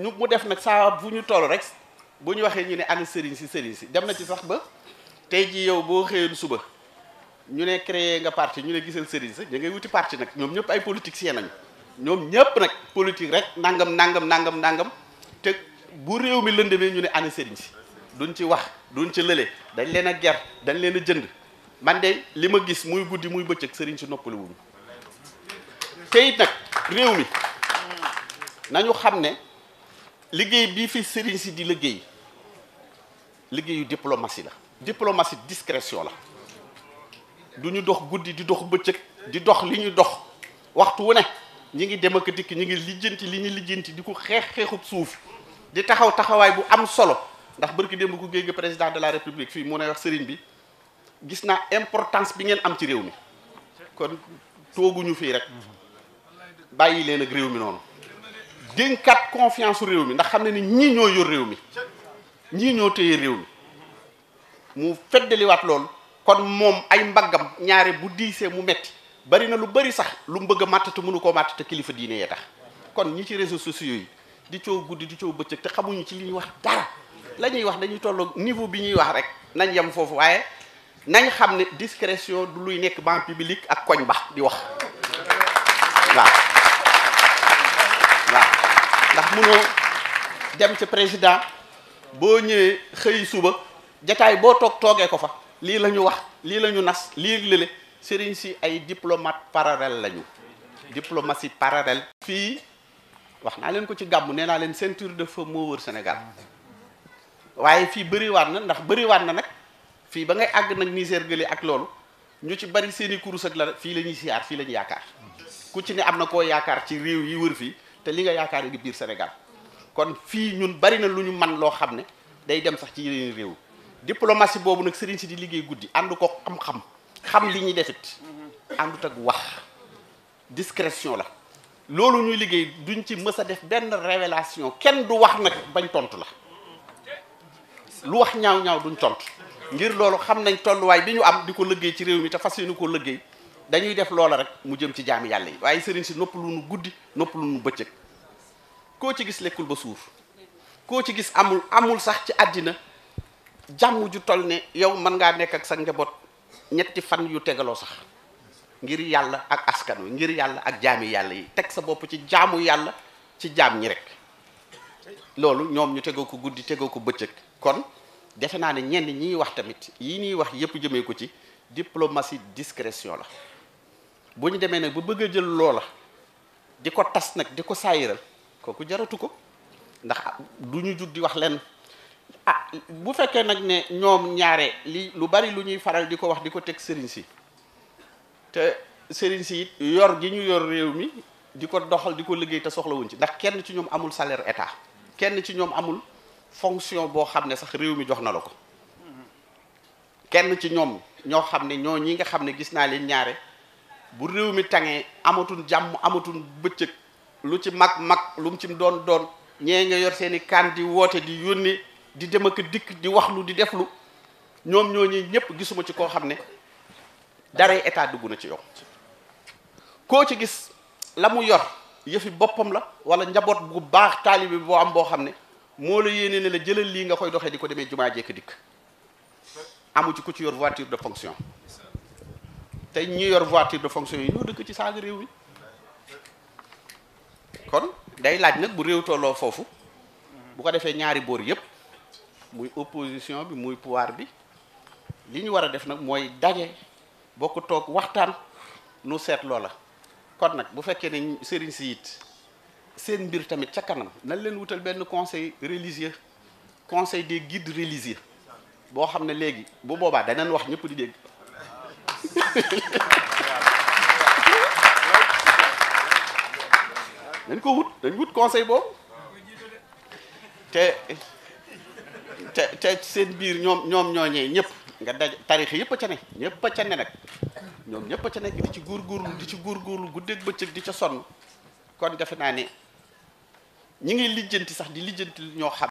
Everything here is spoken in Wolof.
ñu mu def nag saa bu ñu toll rek bu ñu waxee ñu ne ana sëriñ si sëriñ si dem na ci sax ba tey jii yow boo xëyoon suba ñu ne créé nga parti ñu ne gisal sëriñ sa ñu ngay wuti parti nag ñoom ñëpp ay politiciens nañ ñoom ñëpp nag politique rek nangam nangam nangam nangam te bu réew mi lëndëmee ñu ne ana sëriñ si duñ ci wax duñ ci lële dañ leen a ger dañ leen a jënd man de li ma gis muy guddi muy bëccëg sëriñ si noppali wuñu te it nag réew mi nañu xam ne liggéey bii fi sëriñ si di liggéey liggéeyu diplomatie la diplomatie discrétion la du ñu dox guddi di dox bëccëg di dox li ñu dox waxtu wu ne ñu ngi dem ak dikk ñu ngi lijjanti li ñu lijjanti di ko xeex xeexub suuf di taxaw taxawaay bu am solo ndax bërki démb ku géej président de la république fii mu ne wax sëriñ bi gis naa importance bi ngeen am ci réew mi kon tooguñu fii rek bàyyi leen ak réew mi noonu dénkaat confiance su réew mi ndax xam ne ni ñii ñoo yor réew mi ñii ñoo téye réew mi mu feddaliwaat loolu kon moom ay mbaggam ñaare bu diisee mu metti bari na lu bari sax lu mu bëgg a màtt te mënu koo màtt te kilifa diine yee tax kon ñi ci réseaux sociaux yi di coo guddi di coow bëccëg te xamuñu ci li ñuy wax dara la ñuy wax dañuy tolloo niveau bi ñuy wax rek nañ yem foofu waaye nañ xam ne discrétion du luy nekk ban public ak koñ ba di wax waaw munoo dem ci président boo ñëwee xëy suba jataay boo toog toogee ko fa lii la ñu wax lii lañu nas lii lële sëriñ si ay diplomate parallèle lañu diplomatie parallèle fii wax naa leen ko ci gàmmu nee naa leen ceinture de feu moo wër Sénégal waaye fii waat na ndax bëriwaat na nag fii ba ngay àgg nag Niger gële ak loolu ñu ci bari seen i ak la fii la ñuy siyaar fii lañu ñu yaakaar ku ci ne am na koo yaakaar ci réew yi wër fii te li nga yaakaar ngi biir Sénégal kon fii ñun bari na lu ñu man loo xam ne day dem sax ci yeneen réew diplomatie boobu nag sëriñ si di liggéey guddi ànd ko xam-xam xam li ñuy defit àndut ak wax discretion la loolu ñuy liggéey duñ ci mës a def benn révélation kenn du wax nag bañ tontu la lu wax ñaaw ñaaw duñ tontu ngir loolu xam nañ tolluwaay bi ñu am di ko liggéey ci réew mi te fas yéene ko liggéey dañuy def loola rek mu jëm ci jaami yàlla yi waaye sëriñ si nopp lu guddi nopp lu nu bëccëg koo ci gis lekkul ba suur koo ci gis amul amul sax ci àddina jàmm ju toll ne yow mën ngaa nekk ak sa njaboot ñetti fan yu tegaloo sax ngir yàlla ak askan wi ngir yàlla ak jaami yàlla yi teg sa bopp ci jaamu yàlla ci jaam ñi rek loolu ñoom ñu tegoo ko guddi tegoo ko bëccëg kon defe naa ne ñenn ñiy wax tamit yi ñuy wax yépp jëmee ko ci diplomatie discrétion la bu ñu demee nag ba bëgg jël loola di ko tas nag di ko saayiral kooku jaratu ko ndax du ñu jug di wax leen ah bu fekkee nag ne ñoom ñaare li lu bari lu ñuy faral di ko wax di ko teg sëriñ si te sëriñ si it yor gi ñu yor réew mi di ko doxal di ko liggéey te soxlawuñ ci ndax kenn ci ñoom amul salaire état kenn ci ñoom amul fonction boo xam ne sax réew mi jox na la ko kenn ci ñoom ñoo xam ne ñoo ñi nga xam ne gis naa leen ñaare bu réew mi tàngee amatuñ jàmm amatuñ bëccëg lu ci mag mag lu mu ci doon doon ñee nga yor seen i kaan di woote di yónni di dem ak dikk di wax lu di def lu ñoom ñooñu ñëpp gisuma ci koo xam ne daray état dugg na ci yow koo ci gis la mu yor yëfi boppam la wala njaboot bu baax taalibe boo am boo xam ne moo la yéene ne la jëlal lii nga koy doxee di ko demee jumaa jekk dikk amu ci ku ci yor voiture de fonction te ñi yor voiture de fonction yi ñoo dëkk ci saaga réew mi kon day laaj nag bu réew tolloo foofu bu ko defee ñaari boor yëpp muy opposition bi muy pouvoir bi li ñu war a def nag mooy daje bokk toog waxtaan nu seetloo la kon nag bu fekkee ne sëriñ si it seen mbir tamit ca kanam nañ leen wutal benn conseil religieux conseil des guides religieux boo xam ne léegi bu boobaa danañ wax ñëpp di dégg dañ ko wut dañ wut conseil boobu te te te seen biir ñoom ñoom ñooñee ñëpp nga daj tarix yëpp a ca ne ñëpp a ca ne nag ñoom ñëpp a ca nekk di ci góorgóorlu di ci góorgóorlu guddeeg bëccëg di ca sonn kon defe naa ne ñi ngi lijjanti sax di lijjanti ñoo xam